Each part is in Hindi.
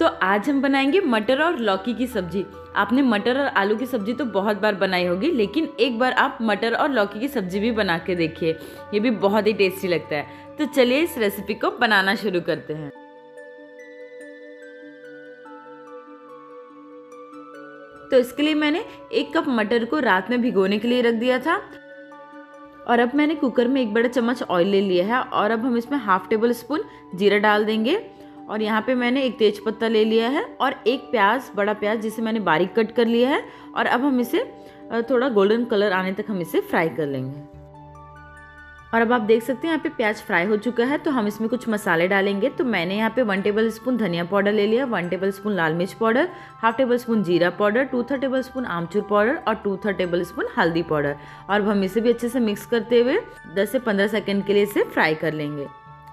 तो आज हम बनाएंगे मटर और लौकी की सब्जी आपने मटर और आलू की सब्जी तो बहुत बार बनाई होगी लेकिन एक बार आप मटर और लौकी की सब्जी भी बना के देखिए ये भी बहुत ही टेस्टी लगता है तो चलिए इस रेसिपी को बनाना शुरू करते हैं तो इसके लिए मैंने एक कप मटर को रात में भिगोने के लिए रख दिया था और अब मैंने कुकर में एक बड़ा चम्मच ऑयल ले लिया है और अब हम इसमें हाफ टेबल स्पून जीरा डाल देंगे और यहाँ पे मैंने एक तेज पत्ता ले लिया है और एक प्याज बड़ा प्याज जिसे मैंने बारीक कट कर लिया है और अब हम इसे थोड़ा गोल्डन कलर आने तक हम इसे फ्राई कर लेंगे और अब आप देख सकते हैं यहाँ पे प्याज फ्राई हो चुका है तो हम इसमें कुछ मसाले डालेंगे तो मैंने यहाँ पे वन टेबल स्पून धनिया पाउडर ले लिया वन टेबल स्पून लाल मिर्च पाउडर हाफ टेबल स्पून जीरा powder two third tablespoon आमचूर पाउडर और टू थर्ड टेबल स्पून हल्दी पाउडर और हम इसे भी अच्छे से मिक्स करते हुए दस से पंद्रह सेकेंड के लिए इसे फ्राई कर लेंगे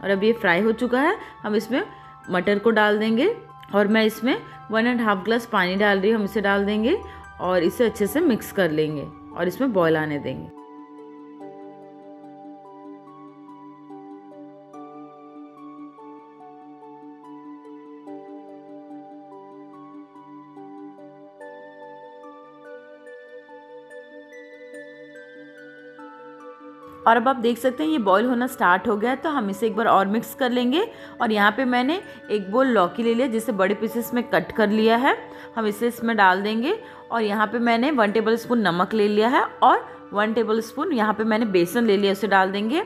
और अब ये फ्राई हो चुका है हम इसमें मटर को डाल देंगे और मैं इसमें वन एंड हाफ ग्लास पानी डाल रही हूँ हम इसे डाल देंगे और इसे अच्छे से मिक्स कर लेंगे और इसमें बॉयल आने देंगे और अब आप देख सकते हैं ये बॉईल होना स्टार्ट हो गया है तो हम इसे एक बार और मिक्स कर लेंगे और यहाँ पे मैंने एक बोल लौकी ले लिया जिसे बड़े पीसेस में कट कर लिया है हम इसे इसमें डाल देंगे और यहाँ पे मैंने वन टेबल स्पून नमक ले लिया है और वन टेबल स्पून यहाँ पर मैंने बेसन ले लिया उसे डाल देंगे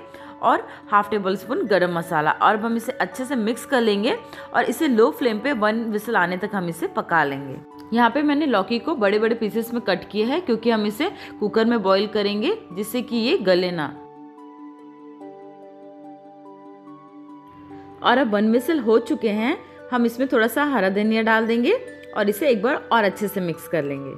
और हाफ टेबल स्पून गर्म मसाला और अब हम इसे अच्छे से मिक्स कर लेंगे और इसे लो फ्लेम पर वन विसल आने तक हम इसे पका लेंगे यहाँ पे मैंने लौकी को बड़े बड़े पीसेस में कट किया है क्योंकि हम इसे कुकर में बॉईल करेंगे जिससे कि ये गले ना और अब वन मिसल हो चुके हैं हम इसमें थोड़ा सा हरा धनिया डाल देंगे और इसे एक बार और अच्छे से मिक्स कर लेंगे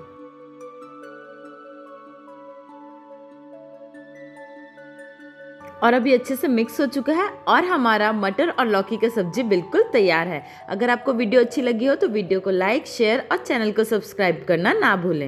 और अभी अच्छे से मिक्स हो चुका है और हमारा मटर और लौकी का सब्जी बिल्कुल तैयार है अगर आपको वीडियो अच्छी लगी हो तो वीडियो को लाइक शेयर और चैनल को सब्सक्राइब करना ना भूलें